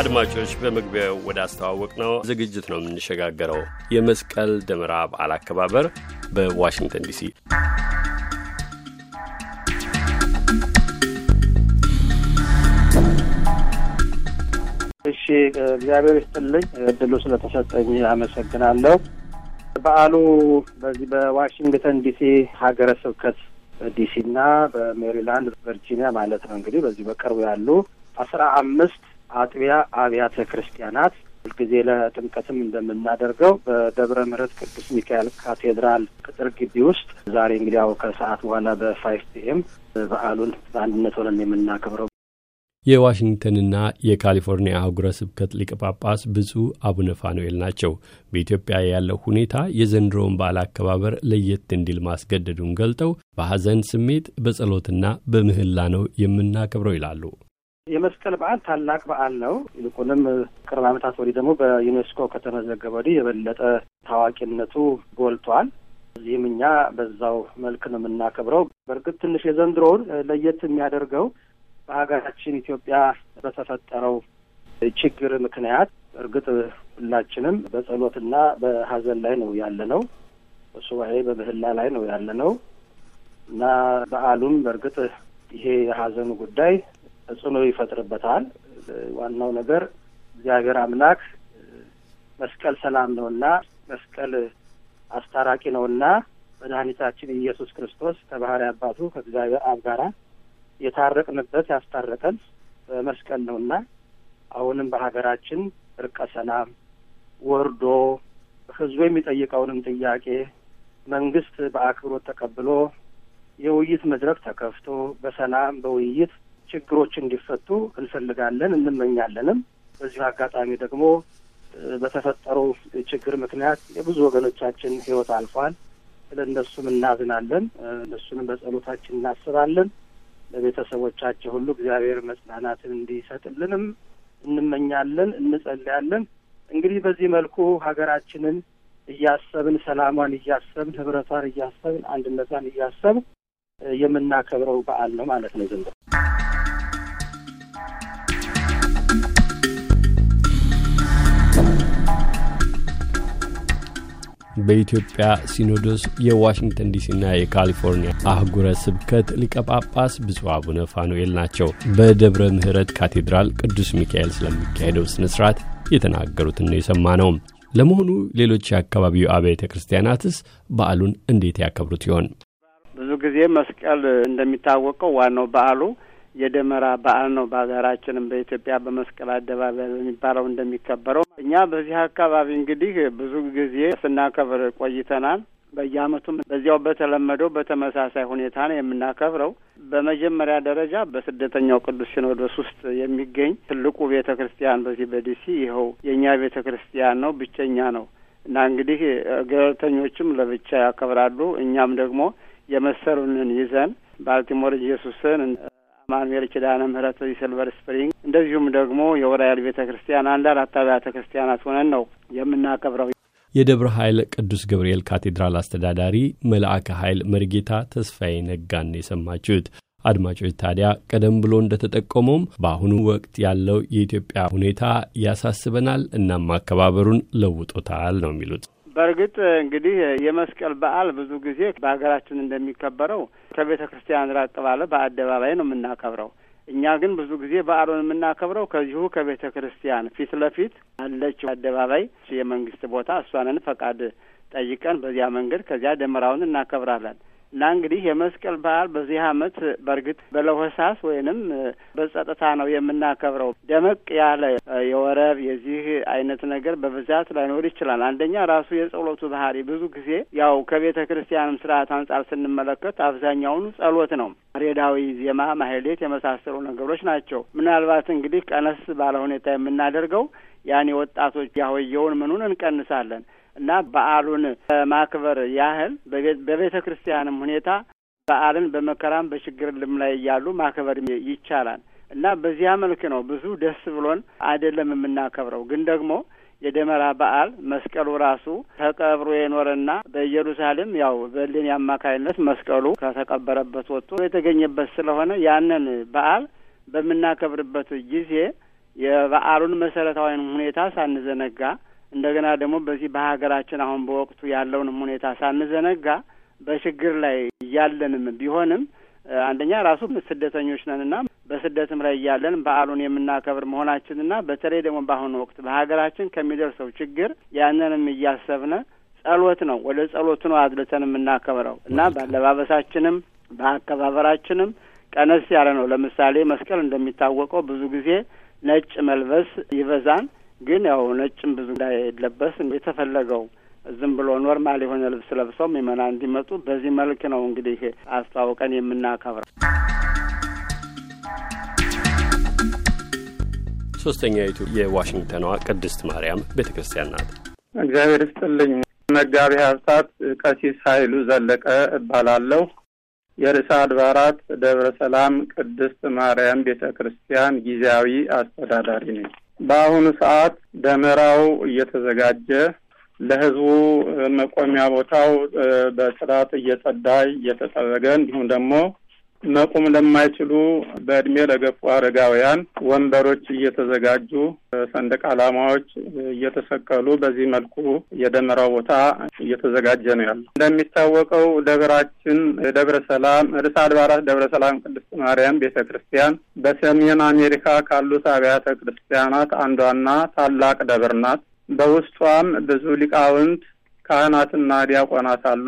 አድማጮች በመግቢያው ወደ አስተዋወቅ ነው ዝግጅት ነው የምንሸጋገረው። የመስቀል ደመራ በዓል አከባበር በዋሽንግተን ዲሲ እሺ፣ እግዚአብሔር ይስጥልኝ እድሉ ስለተሰጠኝ አመሰግናለሁ። በዓሉ በዚህ በዋሽንግተን ዲሲ ሀገረ ስብከት ዲሲና በሜሪላንድ ቨርጂኒያ ማለት ነው እንግዲህ በዚህ በቅርቡ ያሉ አስራ አምስት አጥቢያ አብያተ ክርስቲያናት ሁልጊዜ ለጥምቀትም እንደምናደርገው በደብረ ምሕረት ቅዱስ ሚካኤል ካቴድራል ቅጥር ግቢ ውስጥ ዛሬ እንግዲህ ያው ከሰዓት በኋላ በፋይቭ ፒኤም በዓሉን በአንድነት ሆነን የምናከብረው የዋሽንግተንና የካሊፎርኒያ አህጉረ ስብከት ሊቀ ጳጳስ ብፁዕ አቡነ ፋኑኤል ናቸው። በኢትዮጵያ ያለው ሁኔታ የዘንድሮውን በዓል አከባበር ለየት እንዲል ማስገደዱን ገልጠው በሐዘን ስሜት በጸሎትና በምህላ ነው የምናከብረው ይላሉ። የመስቀል በዓል ታላቅ በዓል ነው። ይልቁንም ቅርብ ዓመታት ወዲህ ደግሞ በዩኔስኮ ከተመዘገበ ወዲህ የበለጠ ታዋቂነቱ ጎልቷል። እዚህም እኛ በዛው መልክ ነው የምናከብረው። በእርግጥ ትንሽ የዘንድሮውን ለየት የሚያደርገው በሀገራችን ኢትዮጵያ በተፈጠረው ችግር ምክንያት እርግጥ ሁላችንም በጸሎትና በሀዘን ላይ ነው ያለ ነው። በሱባኤ በምህላ ላይ ነው ያለ ነው እና በዓሉም በእርግጥ ይሄ የሀዘኑ ጉዳይ ተጽዕኖ ይፈጥርበታል። ዋናው ነገር እግዚአብሔር አምላክ መስቀል ሰላም ነውና መስቀል አስታራቂ ነውና መድኃኒታችን ኢየሱስ ክርስቶስ ከባህሪ አባቱ ከእግዚአብሔር አብ ጋራ የታረቅንበት ያስታረቀን በመስቀል ነውና አሁንም በሀገራችን እርቀ ሰላም ወርዶ ህዝቡ የሚጠይቀውንም ጥያቄ መንግስት በአክብሮት ተቀብሎ የውይይት መድረክ ተከፍቶ በሰላም በውይይት ችግሮች እንዲፈቱ እንፈልጋለን እንመኛለንም። በዚሁ አጋጣሚ ደግሞ በተፈጠረው ችግር ምክንያት የብዙ ወገኖቻችን ሕይወት አልፏል። ስለ እነሱም እናዝናለን። እነሱንም በጸሎታችን እናስባለን። ለቤተሰቦቻቸው ሁሉ እግዚአብሔር መጽናናትን እንዲሰጥልንም እንመኛለን፣ እንጸልያለን። እንግዲህ በዚህ መልኩ ሀገራችንን እያሰብን ሰላሟን እያሰብን ህብረቷን እያሰብን አንድነቷን እያሰብን የምናከብረው በዓል ነው ማለት ነው ዘንድሮ። በኢትዮጵያ ሲኖዶስ የዋሽንግተን ዲሲና የካሊፎርኒያ አህጉረ ስብከት ሊቀ ጳጳስ ብፁዕ አቡነ ፋኑኤል ናቸው። በደብረ ምሕረት ካቴድራል ቅዱስ ሚካኤል ስለሚካሄደው ስነ ስርዓት የተናገሩትን ነው የሰማ ነው። ለመሆኑ ሌሎች የአካባቢው አብያተ ክርስቲያናትስ በዓሉን እንዴት ያከብሩት ይሆን? ብዙ ጊዜ መስቀል እንደሚታወቀው ዋናው በዓሉ የደመራ በዓል ነው። በሀገራችንም በኢትዮጵያ በመስቀል አደባባይ በሚባለው እንደሚከበረው እኛ በዚህ አካባቢ እንግዲህ ብዙ ጊዜ ስናከብር ቆይተናል። በየአመቱም በዚያው በተለመደው በተመሳሳይ ሁኔታ ነው የምናከብረው። በመጀመሪያ ደረጃ በስደተኛው ቅዱስ ሲኖዶስ ውስጥ የሚገኝ ትልቁ ቤተ ክርስቲያን በዚህ በዲሲ ይኸው የእኛ ቤተ ክርስቲያን ነው፣ ብቸኛ ነው እና እንግዲህ ገለልተኞችም ለብቻ ያከብራሉ። እኛም ደግሞ የመሰሉንን ይዘን ባልቲሞር ኢየሱስን ማኑኤል ኪዳነ ምህረት ሲልቨር ስፕሪንግ እንደዚሁም ደግሞ የወራያል ቤተ ክርስቲያን አንድ አብያተ ክርስቲያናት ሆነን ነው የምናከብረው። የደብረ ኃይል ቅዱስ ገብርኤል ካቴድራል አስተዳዳሪ መልአከ ኃይል መርጌታ ተስፋዬ ነጋን የሰማችሁት። አድማጮች ታዲያ ቀደም ብሎ እንደተጠቆመውም በአሁኑ ወቅት ያለው የኢትዮጵያ ሁኔታ ያሳስበናል፣ እናም አከባበሩን ለውጦታል ነው የሚሉት። በእርግጥ እንግዲህ የመስቀል በዓል ብዙ ጊዜ በሀገራችን እንደሚከበረው ከቤተ ክርስቲያን ራቅ ባለ በአደባባይ ነው የምናከብረው። እኛ ግን ብዙ ጊዜ በዓሉን የምናከብረው ከዚሁ ከቤተ ክርስቲያን ፊት ለፊት አለችው አደባባይ የመንግስት ቦታ እሷንን ፈቃድ ጠይቀን በዚያ መንገድ ከዚያ ደመራውን እናከብራለን። እና እንግዲህ የመስቀል በዓል በዚህ አመት በእርግጥ በለሆሳስ ወይንም በጸጥታ ነው የምናከብረው። ደመቅ ያለ የወረብ የዚህ አይነት ነገር በብዛት ላይኖር ይችላል። አንደኛ ራሱ የጸሎቱ ባህሪ ብዙ ጊዜ ያው ከቤተ ክርስቲያንም ስርዓት አንጻር ስንመለከት አብዛኛውን ጸሎት ነው። ሬዳዊ፣ ዜማ፣ ማህሌት የመሳሰሉ ነገሮች ናቸው። ምናልባት እንግዲህ ቀነስ ባለ ሁኔታ የምናደርገው ያኔ ወጣቶች ያሆየውን ምኑን እንቀንሳለን። እና በዓሉን ማክበር ያህል በቤተ ክርስቲያንም ሁኔታ በዓልን በመከራም ልም ላይ እያሉ ማክበር ይቻላል እና በዚያ መልክ ነው ብዙ ደስ ብሎን አይደለም የምናከብረው። ግን ደግሞ የደመራ በዓል መስቀሉ ራሱ ተቀብሮ የኖረና በኢየሩሳሌም ያው በሊን አማካይነት መስቀሉ ከተቀበረበት ወጥቶ የተገኘበት ስለሆነ ያንን በዓል በምናከብርበት ጊዜ የበዓሉን መሰረታዊ ሁኔታ ሳንዘነጋ እንደገና ደግሞ በዚህ በሀገራችን አሁን በወቅቱ ያለውንም ሁኔታ ሳንዘነጋ በችግር ላይ እያለንም ቢሆንም አንደኛ ራሱ ስደተኞች ነንና በስደትም ላይ እያለን በዓሉን የምናከብር መሆናችንና በተለይ ደግሞ በአሁኑ ወቅት በሀገራችን ከሚደርሰው ችግር ያንንም እያሰብነ ጸሎት ነው ወደ ጸሎቱ ነው አድልተን የምናከብረው እና በአለባበሳችንም በአከባበራችንም ቀነስ ያለ ነው። ለምሳሌ መስቀል እንደሚታወቀው ብዙ ጊዜ ነጭ መልበስ ይበዛን ግን ያው ነጭም ብዙ እንዳይለበስ የተፈለገው ዝም ብሎ ኖርማል የሆነ ልብስ ለብሰው ምእመና እንዲመጡ በዚህ መልክ ነው እንግዲህ አስተዋውቀን የምናከብረው። ሶስተኛይቱ የዋሽንግተኗ ቅድስት ማርያም ቤተ ክርስቲያን ናት። እግዚአብሔር ይስጥልኝ። መጋቢ ሀብታት ቀሲስ ኃይሉ ዘለቀ እባላለሁ። የርዕሰ አድባራት ደብረ ሰላም ቅድስት ማርያም ቤተ ክርስቲያን ጊዜያዊ አስተዳዳሪ ነኝ። በአሁኑ ሰዓት ደመራው እየተዘጋጀ ለህዝቡ መቆሚያ ቦታው በጽዳት እየጸዳ እየተጠረገ እንዲሁም ደግሞ መቆም ለማይችሉ በእድሜ ለገፉ አረጋውያን ወንበሮች እየተዘጋጁ ሰንደቅ ዓላማዎች እየተሰቀሉ በዚህ መልኩ የደመራው ቦታ እየተዘጋጀ ነው ያለው። እንደሚታወቀው ደብራችን ደብረ ሰላም ርዕሰ አድባራት ደብረ ሰላም ቅድስት ማርያም ቤተ ክርስቲያን በሰሜን አሜሪካ ካሉት አብያተ ክርስቲያናት አንዷና ታላቅ ደብር ናት። በውስጧም ብዙ ሊቃውንት ካህናትና ዲያቆናት አሉ።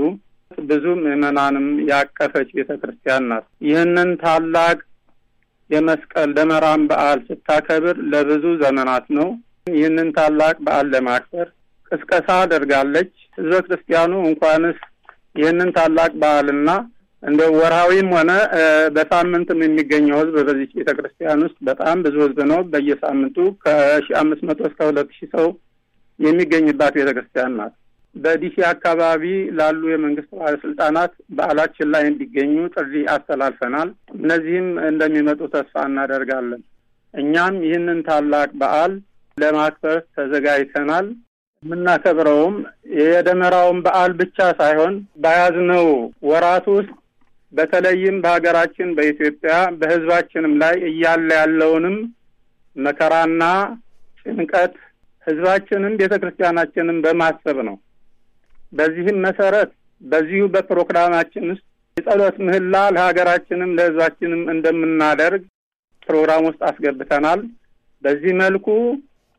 ብዙ ምዕመናንም ያቀፈች ቤተ ክርስቲያን ናት። ይህንን ታላቅ የመስቀል ደመራን በዓል ስታከብር ለብዙ ዘመናት ነው። ይህንን ታላቅ በዓል ለማክበር ቅስቀሳ አድርጋለች። ህዝበ ክርስቲያኑ እንኳንስ ይህንን ታላቅ በዓልና እንደ ወርሃዊም ሆነ በሳምንትም የሚገኘው ህዝብ በዚህ ቤተ ክርስቲያን ውስጥ በጣም ብዙ ህዝብ ነው። በየሳምንቱ ከሺ አምስት መቶ እስከ ሁለት ሺህ ሰው የሚገኝባት ቤተ ክርስቲያን ናት። በዲሲ አካባቢ ላሉ የመንግስት ባለስልጣናት በዓላችን ላይ እንዲገኙ ጥሪ አስተላልፈናል። እነዚህም እንደሚመጡ ተስፋ እናደርጋለን። እኛም ይህንን ታላቅ በዓል ለማክበር ተዘጋጅተናል። የምናከብረውም የደመራውን በዓል ብቻ ሳይሆን በያዝነው ወራት ውስጥ በተለይም በሀገራችን በኢትዮጵያ በህዝባችንም ላይ እያለ ያለውንም መከራና ጭንቀት ህዝባችንም ቤተ ክርስቲያናችንም በማሰብ ነው። በዚህም መሰረት በዚሁ በፕሮግራማችን ውስጥ የጸሎት ምህላ ለሀገራችንም ለህዝባችንም እንደምናደርግ ፕሮግራም ውስጥ አስገብተናል። በዚህ መልኩ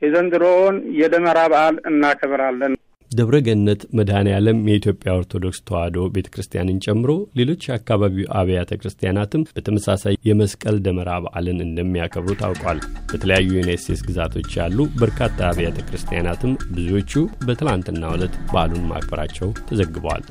የዘንድሮውን የደመራ በዓል እናከብራለን። ደብረ ገነት መድኃኔ ዓለም የኢትዮጵያ ኦርቶዶክስ ተዋሕዶ ቤተ ክርስቲያንን ጨምሮ ሌሎች የአካባቢው አብያተ ክርስቲያናትም በተመሳሳይ የመስቀል ደመራ በዓልን እንደሚያከብሩ ታውቋል። በተለያዩ ዩናይት ስቴትስ ግዛቶች ያሉ በርካታ አብያተ ክርስቲያናትም ብዙዎቹ በትላንትና ዕለት በዓሉን ማክበራቸው ተዘግበዋል።